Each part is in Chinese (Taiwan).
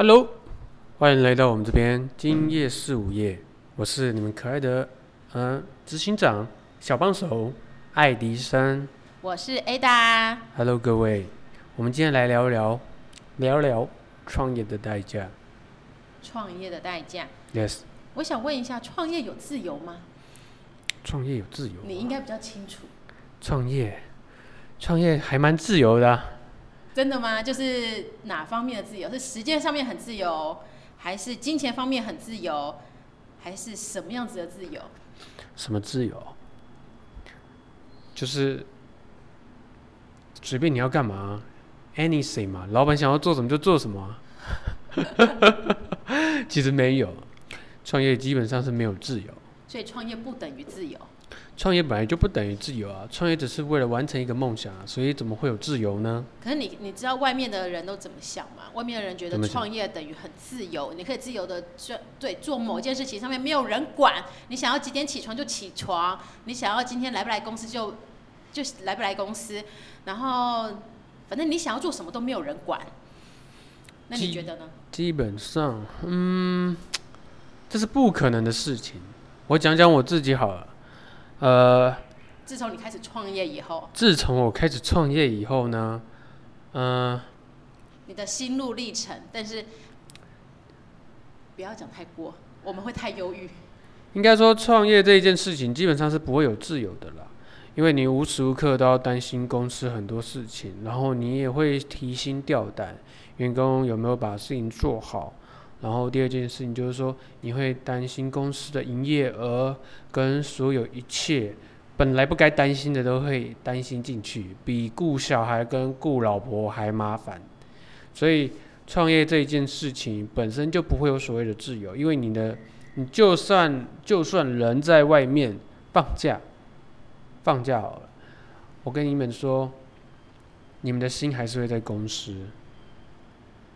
哈嘍，歡迎來到我們這邊。今夜是午夜。嗯，我是你們可愛的嗯執行長小幫手愛迪生。我是 Ada。Hello，各位，我們今天來聊一聊聊一聊創業的代價。創業的代價。Yes。我想問一下，創業有自由嗎？創業有自由啊。你應該比較清楚。創業，創業還蠻自由的。真的嗎？就是哪方面的自由？是時間上面很自由，還是金錢方面很自由，還是什麼樣子的自由？什麼自由？就是隨便你要幹嘛，anything 嘛。老闆想要做什麼就做什麼。 其實沒有，創業基本上是沒有自由。所以創業不等於自由。創業本來就不等於自由啊！創業只是為了完成一個夢想啊，所以怎麼會有自由呢？可是你你知道外面的人都怎麼想嗎？外面的人覺得創業等於很自由，你可以自由的就對做某件事情，上面沒有人管。你想要幾點起床就起床，你想要今天來不來公司就就來不來公司，然後反正你想要做什麼都沒有人管。那你覺得呢？基本上，嗯，這是不可能的事情。我講講我自己好了。呃，自從你開始創業以後，自從我開始創業以後呢，嗯、呃，你的心路歷程，但是不要講太過，我們會太憂鬱。應該說，創業這一件事情基本上是不會有自由的啦，因為你無時無刻都要擔心公司很多事情，然後你也會提心吊膽，員工有沒有把事情做好。然後第二件事情就是說，你會擔心公司的營業額跟所有一切本來不該擔心的都會擔心進去，比顧小孩跟顧老婆還麻煩。所以創業這件事情本身就不會有所謂的自由，因為你的你就算就算人在外面放假，放假好了，我跟你們說，你們的心還是會在公司，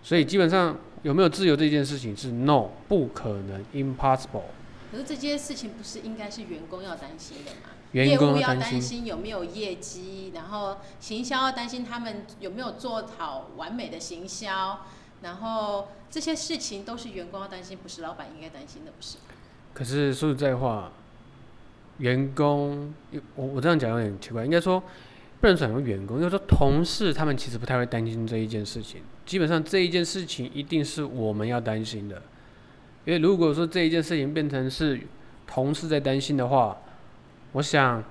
所以基本上。有沒有自由這件事情是 no 不可能 impossible。可是這些事情不是應該是員工要擔心的嗎？員工要擔心有沒有業績，然後行銷要擔心他們有沒有做好完美的行銷，然後這些事情都是員工要擔心，不是老闆應該擔心的，不是？可是說實在話，員工，我我這樣講有點奇怪，應該說不能只講員工，要說同事他們其實不太會擔心這一件事情。基本上這一件事情一定是我們要擔心的，因為如果說這一件事情變成是同事在擔心的話，我想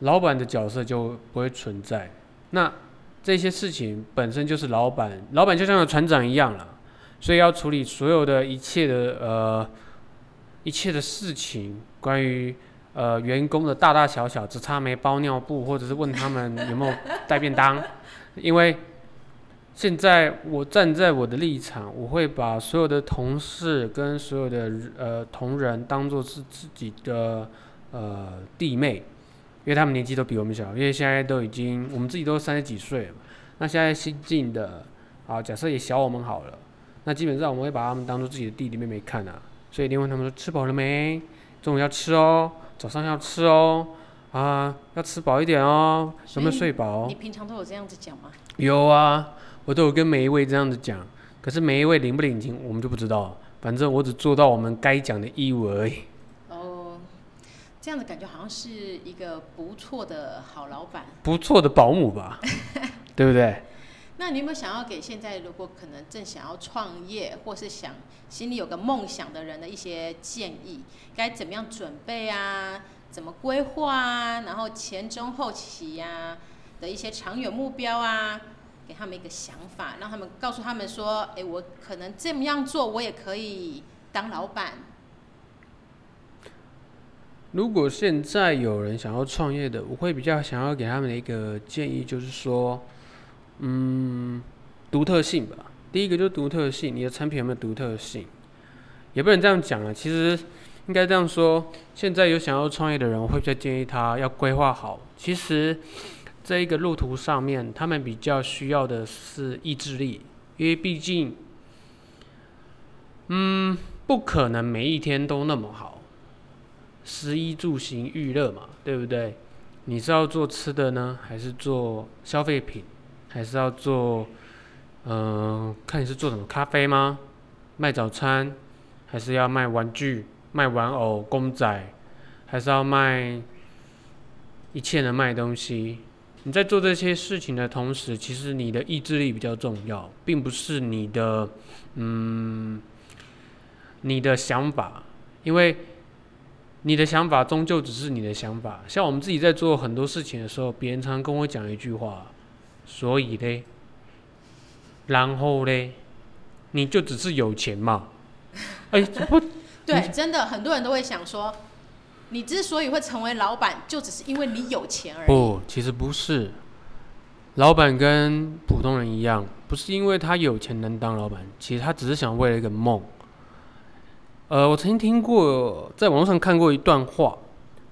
老闆的角色就不會存在。那這些事情本身就是老闆，老闆就像個船長一樣了，所以要處理所有的一切的呃一切的事情，關於呃員工的大大小小，只差沒包尿布或者是問他們有沒有帶便當，因為。現在我站在我的立場，我會把所有的同事跟所有的呃同仁當做是自己的呃弟妹，因為他們年紀都比我們小，因為現在都已經、嗯、我們自己都三十幾歲了。那現在新進的，啊，假設也小我們好了，那基本上我們會把他們當做自己的弟弟妹妹看啊。所以你問他們說吃飽了沒？中午要吃哦，早上要吃哦，啊要吃飽一點哦，有沒有睡飽、嗯？你平常都有這樣子講嗎？有啊。我都有跟每一位這樣子講，可是每一位領不領情，我們就不知道了。反正我只做到我們該講的義務而已。哦，這樣子感覺好像是一個不錯的好老闆，不錯的保姆吧， 對不對？ 那你有沒有想要給現在如果可能正想要創業或是想心裡有個夢想的人的一些建議？該怎麼樣準備啊？怎麼規劃啊？然後前中後期呀的一些長遠目標啊？給他們一個想法，讓他們告訴他們說：“哎，我可能這麼樣做，我也可以當老板。”如果現在有人想要創業的，我會比較想要給他們的一個建議，就是說，嗯，獨特性吧。第一個就是獨特性，你的產品有沒有獨特性？也不能這樣講啊，其實應該這樣說：現在有想要創業的人，我會比較建議他要規劃好。其實。這一個路途上面，他們比較需要的是意志力，因為畢竟，嗯，不可能每一天都那麼好。食衣住行娛樂嘛，對不對？你是要做吃的呢，還是做消費品？還是要做，嗯、呃、看你是做什麼咖啡嗎？賣早餐，還是要賣玩具、賣玩偶、公仔，還是要賣一切能賣東西？你在做這些事情的同時，其實你的意志力比較重要，並不是你的，嗯，你的想法，因為你的想法終究只是你的想法。像我們自己在做很多事情的時候，別人常跟我講一句話，所以嘞，然後嘞，你就只是有錢嘛。哎、 欸，不，對，真的很多人都會想說。你之所以會成為老板，就只是因為你有錢而已。不，其實不是。老板跟普通人一樣，不是因為他有錢能當老板，其實他只是想為了一個夢。呃，我曾經聽過，在網路上看過一段話，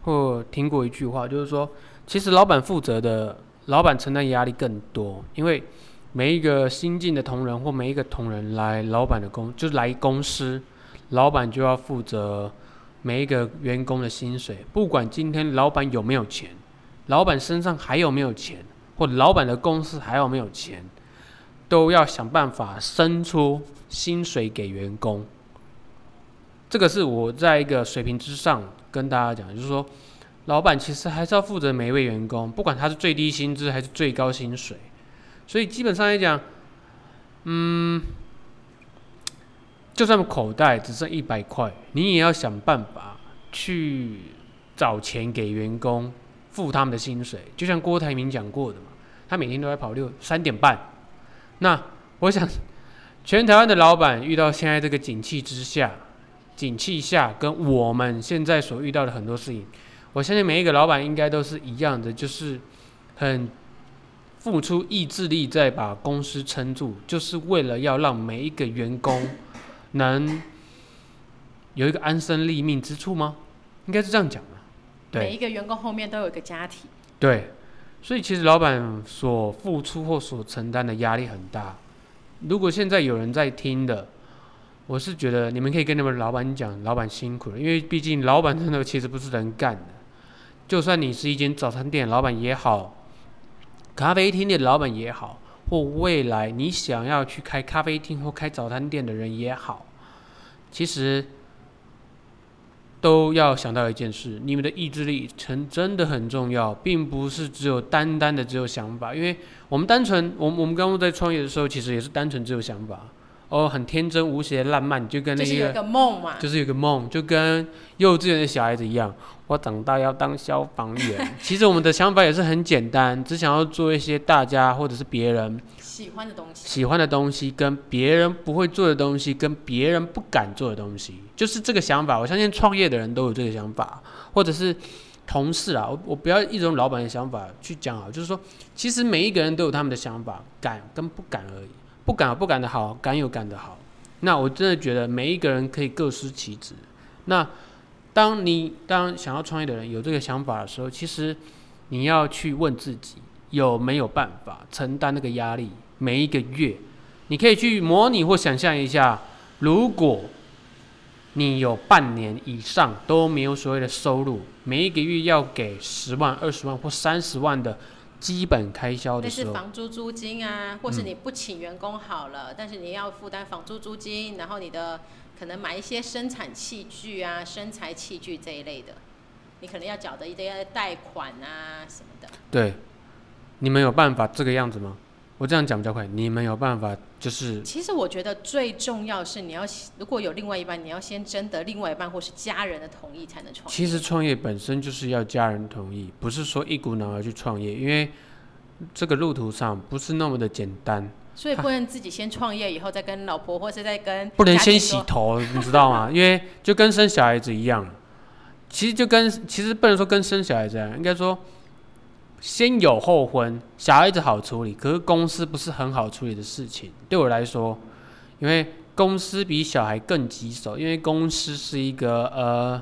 或聽過一句話，就是說，其實老板負責的，老板承擔壓力更多，因為每一個新進的同仁或每一個同仁來老板的公，就是來公司，老板就要負責。每一個員工的薪水，不管今天老板有沒有錢，老板身上還有沒有錢，或者老板的公司還有沒有錢，都要想辦法生出薪水給員工。這個是我在一個水平之上跟大家講，就是說，老板其實還是要負責每一位員工，不管他是最低薪資還是最高薪水。所以基本上來講，嗯。就算口袋只剩一百塊，你也要想辦法去找錢給員工付他們的薪水。就像郭台銘講過的嘛，他每天都在跑六、三點半。那我想，全台灣的老闆遇到現在這個景氣之下，景氣下跟我們現在所遇到的很多事情，我相信每一個老闆應該都是一樣的，就是很付出意志力在把公司撐住，就是為了要讓每一個員工。能有一個安身立命之處嗎？應該是這樣講的。每一個員工後面都有一個家庭。對，對，所以其實老闆所付出或所承擔的壓力很大。如果現在有人在聽的，我是覺得你們可以跟你們老闆講，老闆辛苦了，因為畢竟老闆真的其實不是人幹的。就算你是一間早餐店老闆也好，咖啡廳的老闆也好，或未來你想要去開咖啡廳或開早餐店的人也好，其實都要想到一件事，你們的意志力真的很重要，並不是只有單單的只有想法。因為我們單純，我我們剛剛在創業的時候，其實也是單純只有想法。哦、oh，很天真無邪的浪漫，就跟那一個，就是有一個夢嘛，就是有一個夢，就跟幼稚園的小孩子一樣。我長大要當消防員。 其實我們的想法也是很簡單，只想要做一些大家或者是別人喜歡的東西，喜歡的東西跟別人不會做的東西，跟別人不敢做的東西，就是這個想法。我相信創業的人都有這個想法，或者是同事啊，我我不要一種老闆的想法去講啊，就是說，其實每一個人都有他們的想法，敢跟不敢而已。不敢不敢的好，敢有敢的好。那我真的覺得每一個人可以各司其職。那當你當想要創業的人有這個想法的時候，其實你要去問自己有沒有辦法承擔那個壓力。每一個月，你可以去模擬或想象一下，如果你有半年以上都沒有所謂的收入，每一個月要給十萬、二十萬或三十萬的。基本開銷的時候，但是房租租金啊，或是你不請員工好了，嗯，但是你要負擔房租租金，然後你的可能買一些生產器具啊、生財器具這一類的，你可能要繳的一些貸款啊什麼的。對，你們有辦法這個樣子嗎？我這樣講比較快，你們有辦法就是？其實我覺得最重要是你要，如果有另外一半，你要先徵得另外一半或是家人的同意才能創業。其實創業本身就是要家人同意，不是說一股腦要去創業，因為這個路途上不是那麼的簡單。所以不能自己先創業，以後再跟老婆，啊、或是再跟不能先洗頭， 你知道嗎？因為就跟生小孩子一樣，其實就跟其實不能說跟生小孩子，應該說。先有後婚，小孩子好處理，可是公司不是很好處理的事情。對我來說，因為公司比小孩更棘手，因為公司是一個呃，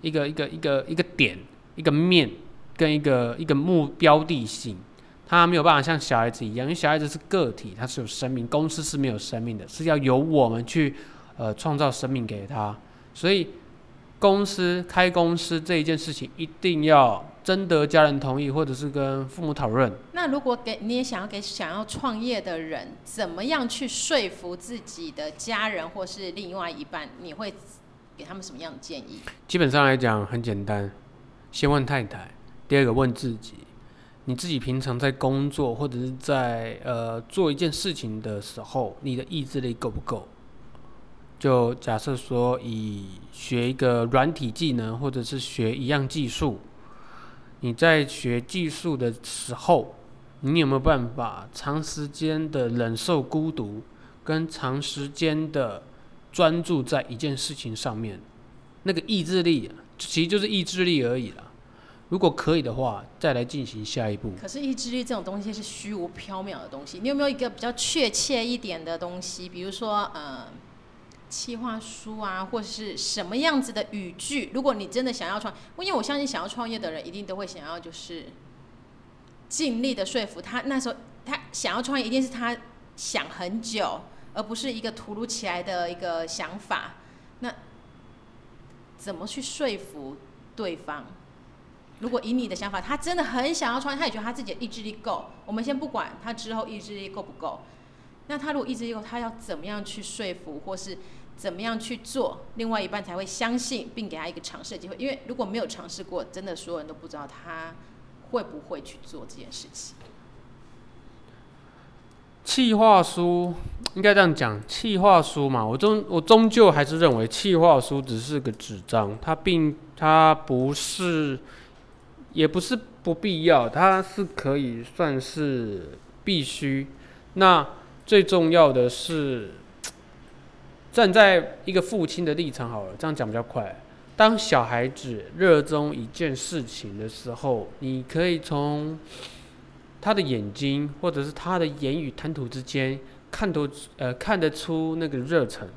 一個一個一個一個點，一個面，跟一個一個目標的性，他沒有辦法像小孩子一樣，因為小孩子是個體，他是有生命，公司是沒有生命的，是要由我們去呃創造生命給他。所以，公司開公司這一件事情一定要徵得家人同意，或者是跟父母討論。那如果給你也想要給想要創業的人，怎麼樣去說服自己的家人或是另外一半？你會給他們什麼樣的建議？基本上來講很簡單，先問太太，第二個問自己，你自己平常在工作或者是在呃做一件事情的時候，你的意志力夠不夠？就假設說，以學一個軟體技能或者是學一樣技術。你在學技術的時候，你有沒有辦法長時間的忍受孤獨，跟長時間的專注在一件事情上面？那個意志力，啊，其實就是意志力而已了。如果可以的話，再來進行下一步。可是意志力這種東西是虛無縹緲的東西，你有沒有一個比較確切一點的東西？比如說，嗯，呃。企劃書啊，或是什麼樣子的語句？如果你真的想要創，因為我相信想要創業的人一定都會想要就是盡力的說服他。那時候他想要創業，一定是他想很久，而不是一個突如其來的一個想法。那怎麼去說服對方？如果以你的想法，他真的很想要創業，他也覺得他自己的意志力夠。我們先不管他之後意志力夠不夠，那他如果意志力夠，他要怎麼樣去說服，或是？怎麼樣去做，另外一半才會相信，並給他一個嘗試的機會。因為如果沒有嘗試過，真的所有人都不知道他會不會去做這件事情。企劃書應該這樣講，企劃書嘛，我終我終究還是認為企劃書只是個紙張，它並它不是，也不是不必要，它是可以算是必須。那最重要的是。站在一個父親的立場好了，這樣講比較快。當小孩子熱衷一件事情的時候，你可以從他的眼睛或者是他的言語談吐之間看得，呃，看得出那個熱忱。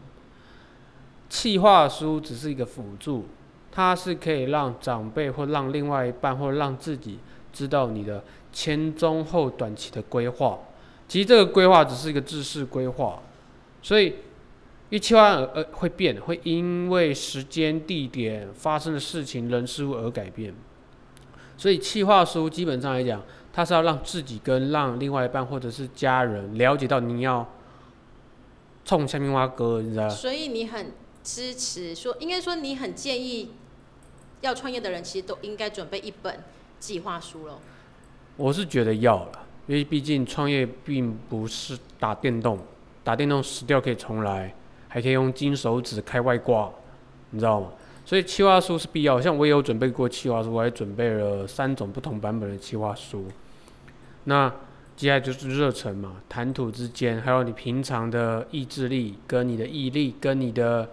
企劃書只是一個輔助，它是可以讓長輩或讓另外一半或讓自己知道你的前中後短期的規劃。其實這個規劃只是一個制式規劃，所以。.因為企劃而，而會變，會因為時間、地點發生的事情、人事物而改變，所以企劃書基本上來講，它是要讓自己跟讓另外一半或者是家人了解到你要創啥米碗糕，你知道。所以你很支持說，應該說你很建議要創業的人，其實都應該準備一本計劃書咯。我是覺得要，因為畢竟創業並不是打電動，打電動死掉可以重來。還可以用金手指開外掛，你知道嗎？所以企劃書是必要，像我也有準備過企劃書，我還準備了三種不同版本的企劃書。那接下來就是熱忱嘛，談吐之間，還有你平常的意志力、跟你的毅力、跟你的，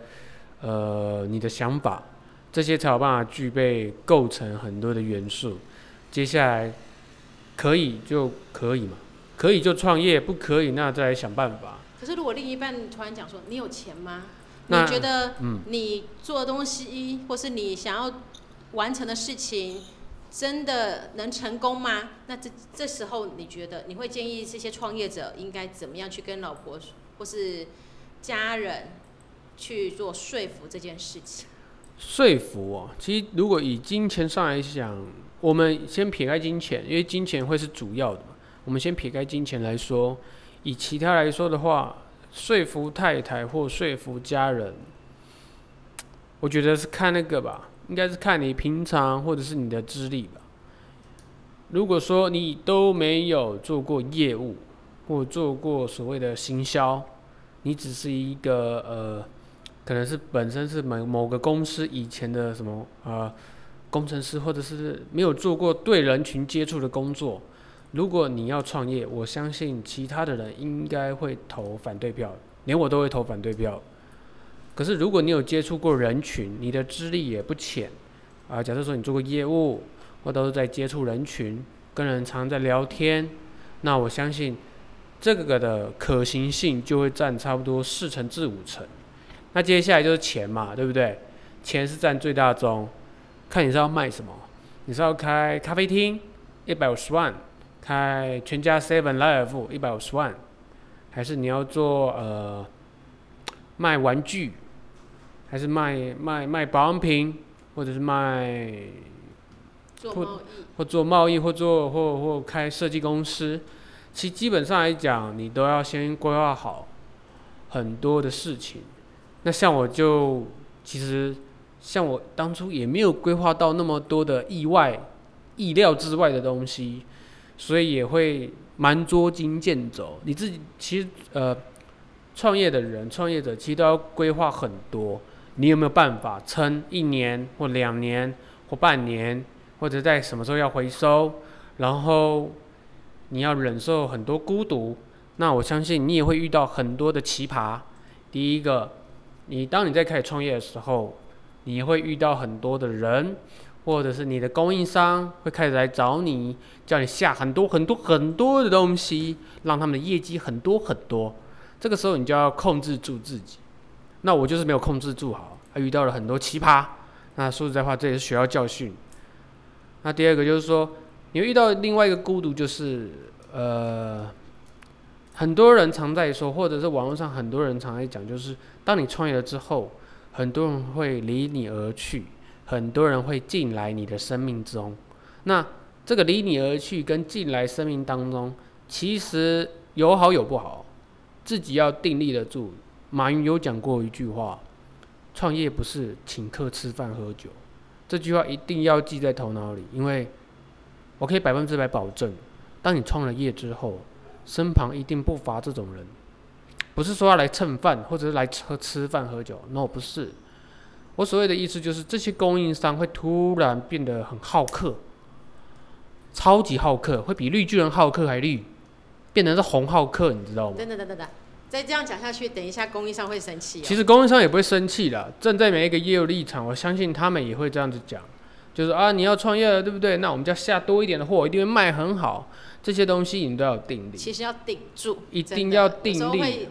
呃，你的想法，這些才有辦法具備構成很多的元素。接下來可以就可以嘛，可以就創業，不可以那再來想辦法。可是，如果另一半突然講說：“你有錢嗎？你覺得你做的東西或是你想要完成的事情，真的能成功嗎？”那這這時候你覺得你會建議這些創業者應該怎麼樣去跟老婆或是家人去做說服這件事情？說服哦、啊，其實如果以金錢上來講，我們先撇開金錢，因為金錢會是主要的嘛。我們先撇開金錢來說。以其他來說的話，說服太太或說服家人，我覺得是看那個吧，應該是看你平常或者是你的資歷吧。如果說你都沒有做過業務，或做過所謂的行銷，你只是一個呃，可能是本身是某某個公司以前的什麼呃工程師，或者是沒有做過對人群接觸的工作。如果你要創業，我相信其他的人應該會投反對票，連我都會投反對票。可是如果你有接觸過人群，你的資歷也不淺，啊，假設說你做過業務，或都是在接觸人群，跟人常在聊天，那我相信這個的可行性就會佔差不多四成至五成。那接下來就是錢嘛，對不對？錢是佔最大宗，看你是要賣什麼，你是要開咖啡廳，一百五十萬。開全家 seven life 一百五十萬，還是你要做呃賣玩具，還是賣賣賣保養品，或者是賣做或，或做貿易或做或或開設計公司。其實基本上來講，你都要先規劃好很多的事情。那像我就其實像我當初也沒有規劃到那麼多的意外、意料之外的東西。所以也會蠻捉襟見肘。你自己其實呃，創業的人、創業者其實都要規劃很多。你有沒有辦法撐一年或兩年或半年，或者在什麼時候要回收？然後你要忍受很多孤獨。那我相信你也會遇到很多的奇葩。第一個，你當你在開始創業的時候，你會遇到很多的人。或者是你的供應商會開始來找你，叫你下很多很多很多的東西，讓他們的業績很多很多。這個時候你就要控制住自己。那我就是沒有控制住好，還、啊、遇到了很多奇葩。那說實在話，這也是需要教訓。那第二個就是說，你會遇到另外一個孤獨，就是呃，很多人常在說，或者是網絡上很多人常在講，就是當你創業了之後，很多人會離你而去。很多人會進來你的生命中，那這個離你而去跟進來生命當中，其實有好有不好，自己要定立得住。馬雲有講過一句話，創業不是請客吃飯喝酒，這句話一定要記在頭腦裡，因為，我可以百分之百保證，當你創了業之後，身旁一定不乏這種人，不是說要來蹭飯或者是來吃吃飯喝酒，no 不是。我所謂的意思就是，這些供應商會突然變得很好客，超級好客，會比綠巨人好客還綠，變成是紅好客，你知道嗎？等等等等，再這樣講下去，等一下供應商會生氣喔。其實供應商也不會生氣的，站在每一個業務立場，我相信他們也會這樣子講，就是啊，你要創業了，對不對？那我們就要下多一點的貨，一定會賣很好。這些東西你都要定力。其實要頂住，一定要定力。的會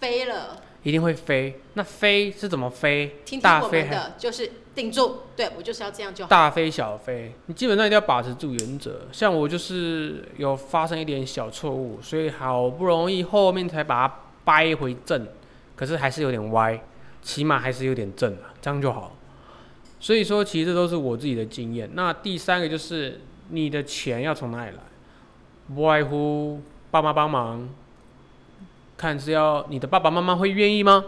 飛了。一定會飛，那飛是怎麼飛？聽聽大飛的就是頂住，對我就是要這樣就好。大飛小飛，你基本上一定要把持住原則。像我就是有發生一點小錯誤，所以好不容易後面才把它掰回正，可是還是有點歪，起碼還是有點正啊，這樣就好。所以說，其實這都是我自己的經驗。那第三個就是你的錢要從哪裡來？不外乎爸媽幫忙。看是要你的爸爸媽媽會願意嗎？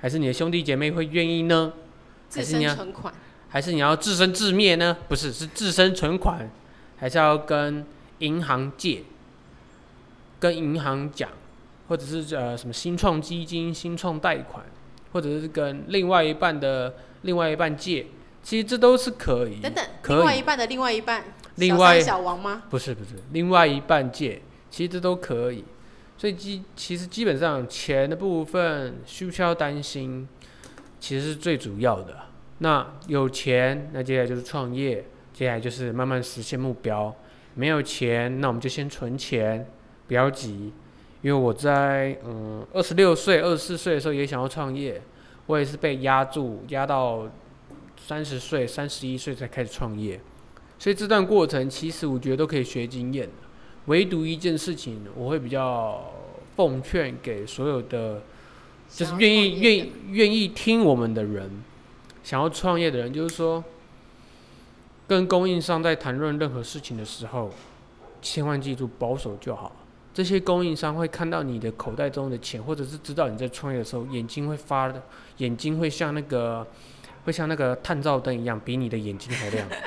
還是你的兄弟姐妹會願意呢？自身存款，還是你要自生自滅呢？不是，是自身存款，還是要跟銀行借，跟銀行講，或者是呃什麼新創基金、新創貸款，或者是跟另外一半的另外一半借，其實這都是可以。等等，可以另外一半的另外一半，另外小三小王嗎？不是不是，另外一半借，其實這都可以。所以基其實基本上錢的部分需不需要擔心，其實是最主要的。那有錢，那接下來就是創業，接下來就是慢慢實現目標。沒有錢，那我們就先存錢，不要急。因為我在嗯二十六歲、二十四歲的時候也想要創業，我也是被壓住，壓到三十歲、三十一歲才開始創業。所以這段過程，其實我覺得都可以學經驗。唯獨一件事情，我會比較奉勸給所有的，的就是願意願意願意聽我們的人，想要創業的人，就是說，跟供應商在談論任何事情的時候，千萬記住保守就好。這些供應商會看到你的口袋中的錢，或者是知道你在創業的時候，眼睛會發，眼睛會像那個，會像那個探照燈一樣，比你的眼睛還亮。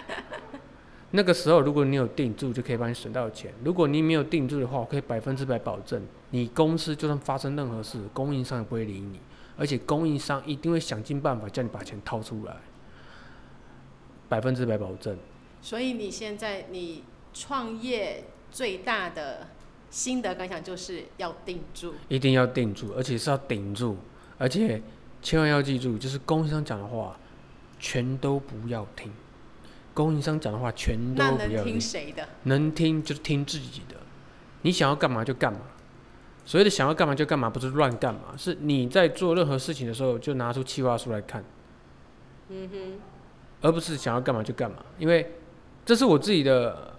那個時候，如果你有定住，就可以幫你省到錢。如果你沒有定住的話，我可以百分之百保證，你公司就算發生任何事，供應商也不會理你，而且供應商一定會想盡辦法叫你把錢掏出來，百分之百保證。所以你現在你創業最大的心得感想就是要定住，一定要定住，而且是要頂住，而且千萬要記住，就是供應商講的話，全都不要聽。供應商講的話全都不要聽。能聽就是聽自己的，你想要幹嘛就幹嘛。所謂的想要幹嘛就幹嘛，不是亂幹嘛，是你在做任何事情的時候，就拿出企劃書來看。嗯哼，而不是想要幹嘛就幹嘛，因為這是我自己的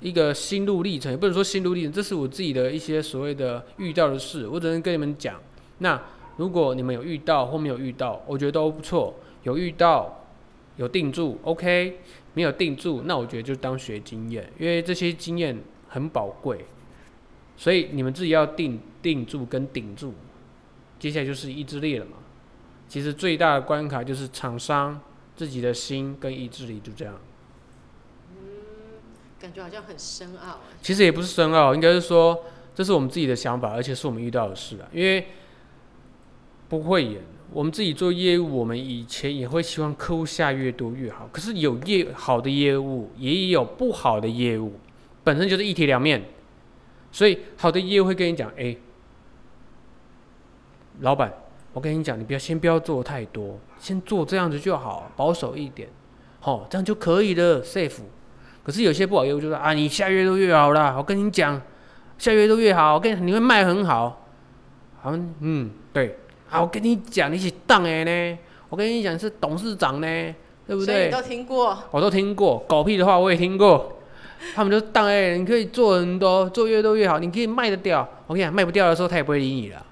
一個心路歷程，也不能說心路歷程，這是我自己的一些所謂的遇到的事。我只能跟你們講，那如果你們有遇到或沒有遇到，我覺得都不錯。有遇到。有定住，OK，沒有定住，那我覺得就當學經驗，因為這些經驗很寶貴，所以你們自己要定定住跟頂住，接下來就是意志力了嘛。其實最大的關卡就是廠商自己的心跟意志力，就這樣。嗯，感覺好像很深奧啊。其實也不是深奧，應該是說這是我們自己的想法，而且是我們遇到的事啊，因為不會演。我們自己做業務，我們以前也會希望客戶下越多越好。可是有業好的業務，也有不好的業務，本身就是一體兩面。所以好的業務會跟你講：“哎、欸，老闆，我跟你講，你不要先不要做太多，先做這樣子就好，保守一點，好、哦，這樣就可以了，safe。”可是有些不好的業務就說、是：“啊，你下月都越好啦，我跟你講，下越多越好，我跟你，你會賣很好，好，嗯，對。”啊，我跟你講，你是當的呢。我跟你講是董事長呢，對不對？對，你都聽過。我都聽過狗屁的話，我也聽過。 他們就是當的，你可以做很多，做越多越好，你可以賣得掉。OK，賣不掉的時候，他也不會理你了。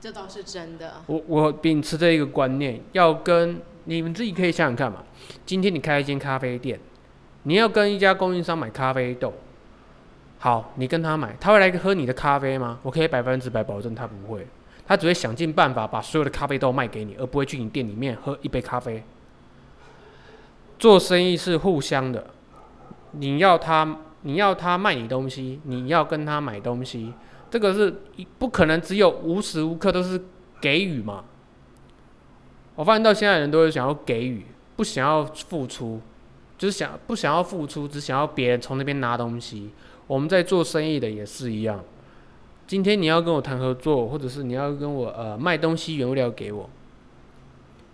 這倒是真的。我我秉持這一個觀念，要跟你們自己可以想想看嘛。今天你開一間咖啡店，你要跟一家供應商買咖啡豆，好，你跟他買，他會來喝你的咖啡嗎？我可以百分之百保證他不會。他只會想盡辦法把所有的咖啡都賣給你，而不會去你店裡面喝一杯咖啡。做生意是互相的，你要他，你要他賣你東西，你要跟他買東西，這個是不可能只有無時無刻都是給予嘛。我發現到現在人都有想要給予，不想要付出，就是想不想要付出，只想要別人從那邊拿東西。我們在做生意的也是一樣。今天你要跟我談合作，或者是你要跟我呃賣東西原物料給我，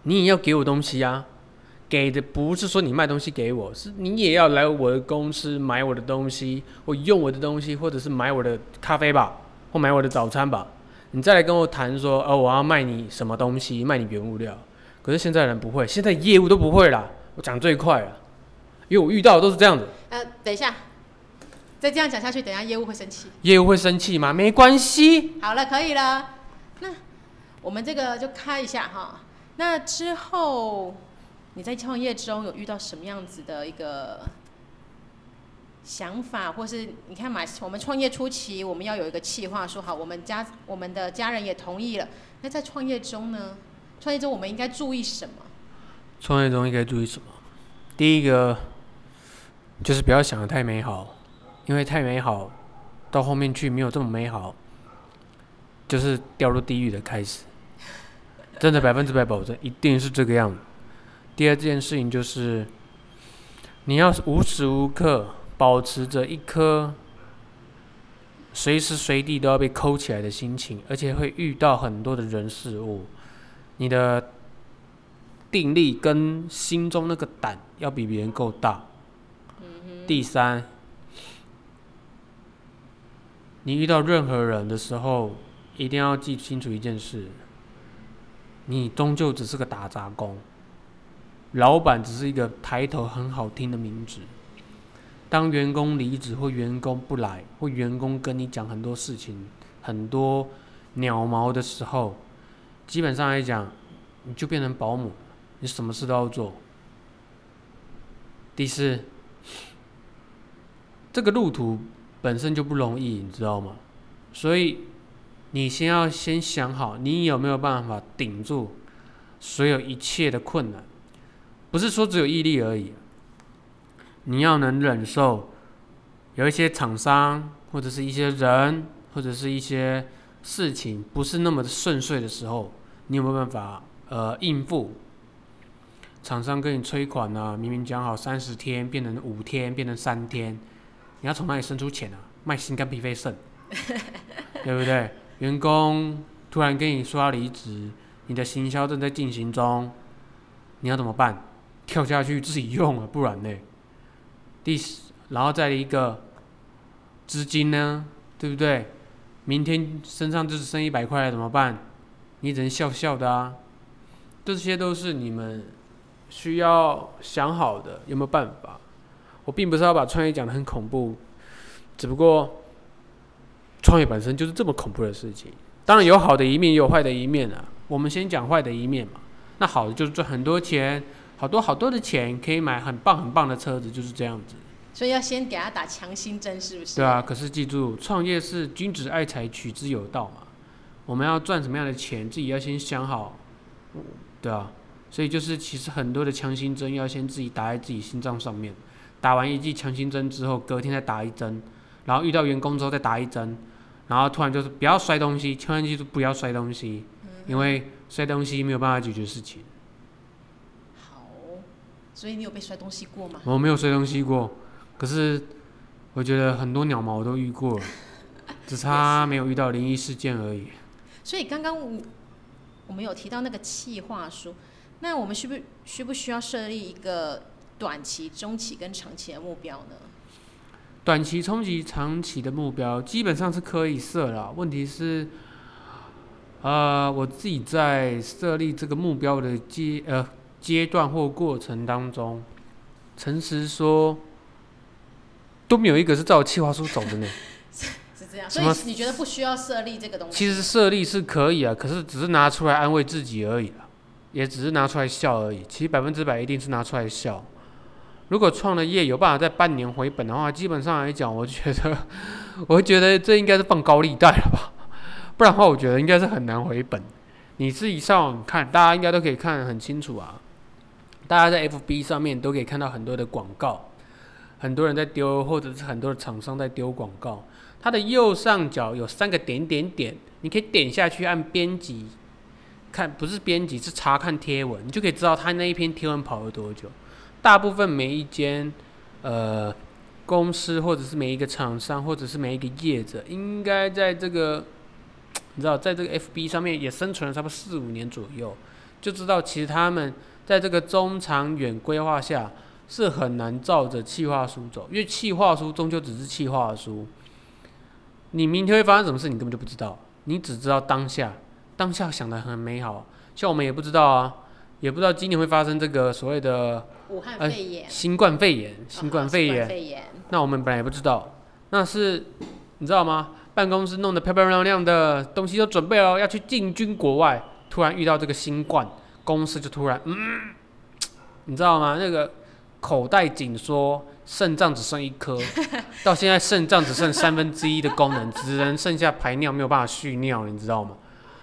你也要給我東西啊。給的不是說你賣東西給我，是你也要來我的公司買我的東西，我用我的東西，或者是買我的咖啡吧，或買我的早餐吧。你再來跟我談說，哦、呃，我要賣你什麼東西，賣你原物料。可是現在人不會，現在業務都不會啦。我講最快了，因為我遇到的都是這樣子。呃，等一下。再這樣講下去，等一下業務會生氣。業務會生氣嗎？沒關係。好了，可以了。那我們這個就開一下哈。那之後你在創業中有遇到什麼樣子的一個想法，或是你看嘛，我們創業初期我們要有一個企劃，說好我們家我們的家人也同意了。那在創業中呢？創業中我們應該注意什麼？創業中應該注意什麼？第一個就是不要想得太美好。因為太美好，到後面去沒有這麼美好，就是掉入地獄的開始。真的百分之百保證，一定是這個樣子。第二件事情就是，你要是無時無刻保持着一顆隨時隨地都要被摳起來的心情，而且會遇到很多的人事物，你的定力跟心中那個膽要比別人夠大。嗯、第三。你遇到任何人的時候，一定要記清楚一件事：你終究只是個打雜工，老闆只是一個抬頭很好聽的名字。當員工離職，或員工不來，或員工跟你講很多事情、很多鳥毛的時候，基本上來講，你就變成保姆，你什麼事都要做。第四，這個路途。本身就不容易，你知道嗎？所以，你先要先想好，你有沒有辦法頂住所有一切的困難？不是說只有毅力而已，你要能忍受有一些廠商或者是一些人或者是一些事情不是那麼的順遂的時候，你有沒有辦法呃應付？廠商跟你催款呢，啊，明明講好三十天變成五天變成三天。你要從哪裡生出錢啊？賣心肝脾肺腎，對不對？ 員工突然跟你說要離職，你的行銷正在進行中，你要怎麼辦？跳下去自己用了，啊，不然呢，欸？第四，然後再一個資金呢，對不對？明天身上就是剩一百塊了，怎麼辦？你只能笑笑的啊。這些都是你們需要想好的，有沒有辦法？我並不是要把創業講得很恐怖，只不過創業本身就是這麼恐怖的事情。當然有好的一面，也有壞的一面啊。我們先講壞的一面嘛。那好的就是賺很多錢，好多好多的錢可以買很棒很棒的車子，就是這樣子。所以要先給他打強心針，是不是？對啊。可是記住，創業是君子愛財，取之有道嘛。我們要賺什麼樣的錢，自己要先想好，對啊。所以就是其實很多的強心針，要先自己打在自己心臟上面。打完一劑強心針之後，隔天再打一針，然後遇到員工之後再打一針，然後突然就是不要摔東西，千萬記住不要摔東西、嗯，因為摔東西沒有辦法解決事情。好，所以你有被摔東西過嗎？我沒有摔東西過，可是我覺得很多鳥毛我都遇過， 只差沒有遇到靈異事件而已。所以剛剛我我們有提到那個企劃書，那我們需不需不需要設立一個？短期、中期跟長期的目標呢？短期、中期、長期的目標基本上是可以設啦，啊。問題是，呃，我自己在設立這個目標的階呃階段或過程當中，誠實說都沒有一個是照我計劃書走的呢。 是是這樣，所以你覺得不需要設立這個東西？其實設立是可以啊，可是只是拿出來安慰自己而已啦，啊，也只是拿出來笑而已。其實百分之百一定是拿出來笑。如果創了業有辦法在半年回本的話，基本上來講，我覺得，我覺得這應該是放高利貸了吧？不然的話，我覺得應該是很難回本。你自己上網看，大家應該都可以看得很清楚啊。大家在 FB 上面都可以看到很多的廣告，很多人在丟，或者是很多的廠商在丟廣告。它的右上角有三個點點點，你可以點下去按編輯，看，不是編輯，是查看貼文，你就可以知道它那一篇貼文跑了多久。大部分每一間，呃，公司或者是每一個廠商或者是每一個業者，應該在這個，你知道，在這個 FB 上面也生存了差不多四五年左右，就知道其實他們在這個中長遠規劃下是很難照着企劃書走，因為企劃書終究只是企劃書。你明天會發生什麼事，你根本就不知道，你只知道當下，當下想得很美好，像我們也不知道啊。也不知道今年會發生這個所謂的武漢肺炎、呃、新冠肺炎、新冠肺炎、新冠肺炎。那我們本來也不知道，那是你知道嗎？辦公室弄得漂漂亮亮的，東西都準備了，要去進軍國外，突然遇到這個新冠，公司就突然，嗯，你知道嗎？那個口袋緊縮，腎臟只剩一顆， 到現在腎臟只剩三分之一的功能，只能剩下排尿，沒有辦法蓄尿，你知道嗎？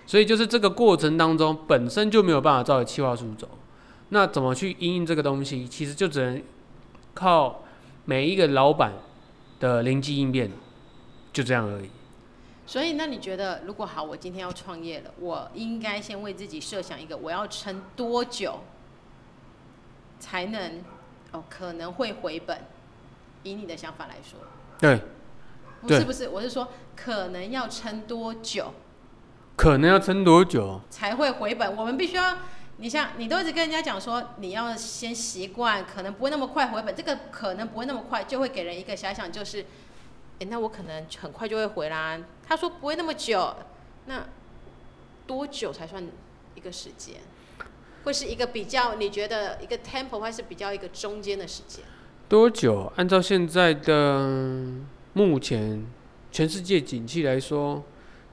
所以就是這個過程當中本身就沒有辦法照着企劃書走，那怎麼去因應這個東西？其實就只能靠每一個老闆的靈機應變，就這樣而已。所以那你覺得，如果好，我今天要創業了，我應該先為自己設想一個，我要撐多久才能哦，可能會回本？以你的想法來說，對，不是不是，我是說可能要撐多久？可能要撐多久才會回本？我們必須要，你像你都一直跟人家講說，你要先習慣，可能不會那麼快回本。這個可能不會那麼快，就會給人一個遐想，就是，哎、欸，那我可能很快就會回啦。他說不會那麼久，那多久才算一個時間？會是一個比較？你覺得一個 tempo 還是比較一個中間的時間？多久？按照現在的目前全世界景氣來說。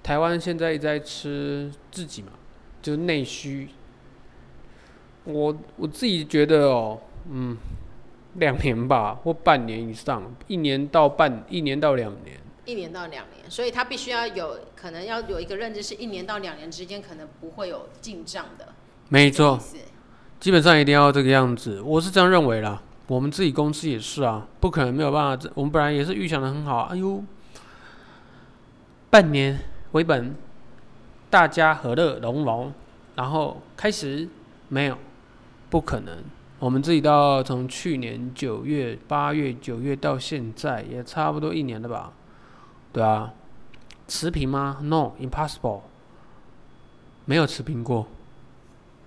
台灣現在在吃自己嘛，就是內需。我我自己覺得哦、喔，嗯，兩年吧，或半年以上，一年到半，一年到兩年，一年到兩年，所以他必須要有可能要有一個認知，是一年到兩年之間，可能不會有進賬的。沒錯、這個，基本上一定要這個樣子，我是這樣認為啦。我們自己公司也是啊，不可能沒有辦法，我們本來也是預想的很好，哎呦，半年，回本，大家和樂融融，然後開始沒有，不可能。我們自己到從去年九月、八月、九月到現在，也差不多一年了吧？對啊，持平嗎？No，impossible。沒有持平過。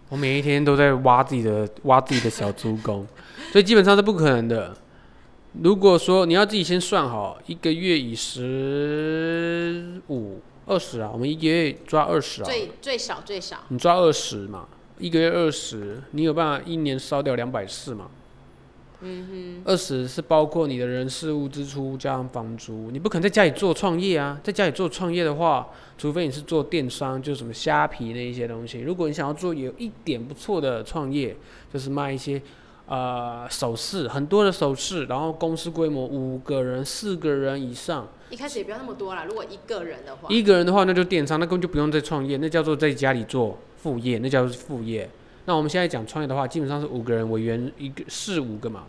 我每一天都在挖自己的、挖自己的小豬公， 所以基本上是不可能的。如果說你要自己先算好，一個月以十五、二十啊，我們一個月抓二十啊，最最少最少，你抓二十嘛，一個月二十，你有辦法一年燒掉兩百四嘛。嗯哼，二十是包括你的人事物支出加上房租，你不可能在家裡做創業啊，在家裡做創業的話，除非你是做電商，就什麼蝦皮那一些東西。如果你想要做有一點不錯的創業，就是賣一些。呃，首飾很多的首飾，然後公司規模五個人、四個人以上。一開始也不要那麼多啦，如果一個人的話，一個人的話那就電商，那根本就不用再創業，那叫做在家裡做副業，那叫做副業。那我們現在講創業的話，基本上是五個人為員一個四五個嘛，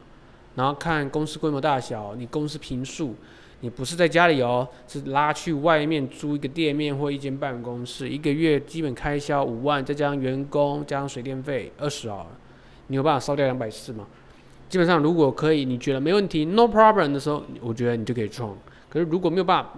然後看公司規模大小，你公司平數，你不是在家裡哦，是拉去外面租一個店面或一間辦公室，一個月基本開銷五萬，再加上員工加上水電費二十哦。你有辦法燒掉兩百四嗎？基本上如果可以，你覺得沒問題，no problem 的時候，我覺得你就可以創。可是如果沒有辦法，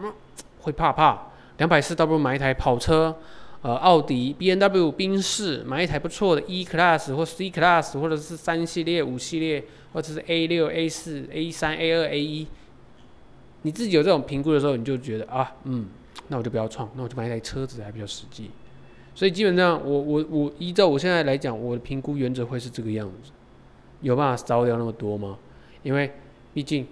會怕怕。兩百四倒不如買一台跑車，呃，奧迪 B N W 賓士買一台不錯的 E Class 或是 C Class 或者是三系列、五系列或者是 A 六、A 四、A 三、A 二、A 一。你自己有這種評估的時候，你就覺得啊，嗯，那我就不要創，那我就買一台車子還比較實際。所以基本上我，我我我，依照我現在來講，我的評估原則會是這個樣子，有辦法燒掉那麼多嗎？因為畢竟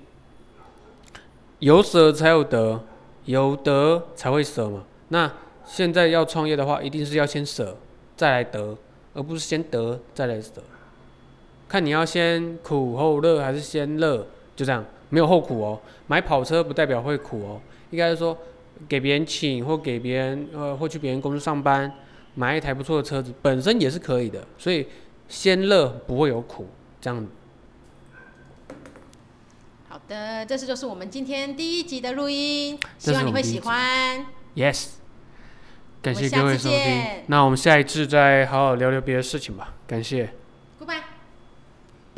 有捨才有得，有得才會捨嘛。那現在要創業的話，一定是要先捨再來得，而不是先得再來捨。看你要先苦後樂還是先樂，就這樣，沒有後苦哦、喔。買跑車不代表會苦哦、喔，應該是說給別人請或給別人呃或去別人公司上班。買一台不錯的車子本身也是可以的，所以先樂不會有苦這樣子。好的，這次就是我們今天第一集的錄音，希望你會喜歡。Yes，感謝各位收聽，那我們下一次再好好聊聊別的事情吧，感謝。